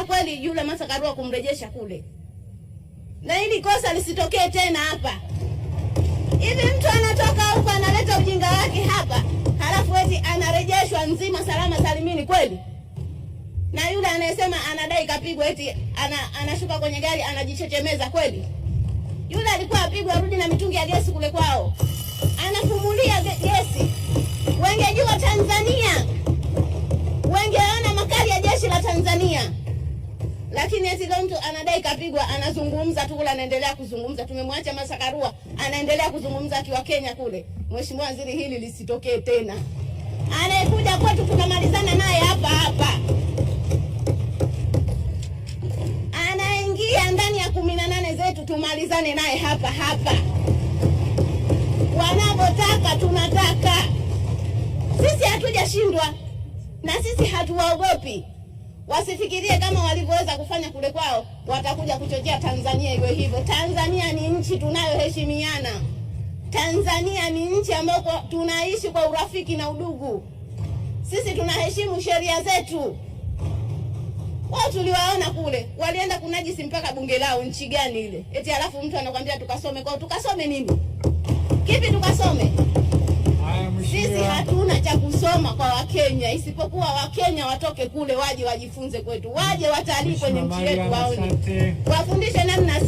Anaendelea kweli yule Martha Karua kumrejesha kule, na hili kosa lisitokee tena hapa. Hivi mtu anatoka huko analeta ujinga wake hapa, halafu eti anarejeshwa nzima salama salimini kweli? Na yule anayesema anadai kapigwa eti ana, anashuka kwenye gari anajichechemeza kweli? Yule alikuwa apigwa, arudi na lakini eti leo mtu anadai kapigwa, anazungumza tu kule, anaendelea kuzungumza. Tumemwacha Masakarua anaendelea kuzungumza akiwa Kenya kule. Mheshimiwa Waziri, hili lisitokee tena. Anayekuja kwetu tunamalizana naye hapa hapa, anaingia ndani ya kumi na nane zetu tumalizane naye hapa hapa. Wanavyotaka tunataka sisi, hatujashindwa na sisi hatuwaogopi. Wasifikirie kama walivyoweza kufanya kule kwao, watakuja kuchochea Tanzania iwe hivyo. Tanzania ni nchi tunayoheshimiana. Tanzania ni nchi ambayo tunaishi kwa urafiki na udugu. Sisi tunaheshimu sheria zetu. Wao tuliwaona kule walienda kunajisi mpaka bunge lao, nchi gani ile? Eti alafu mtu anakuambia tukasome kwao, tukasome nini? Kipi tukasome? kwa Wakenya, isipokuwa Wakenya watoke kule waje wajifunze kwetu, waje watalii kwenye nchi yetu, waone wafundishe namna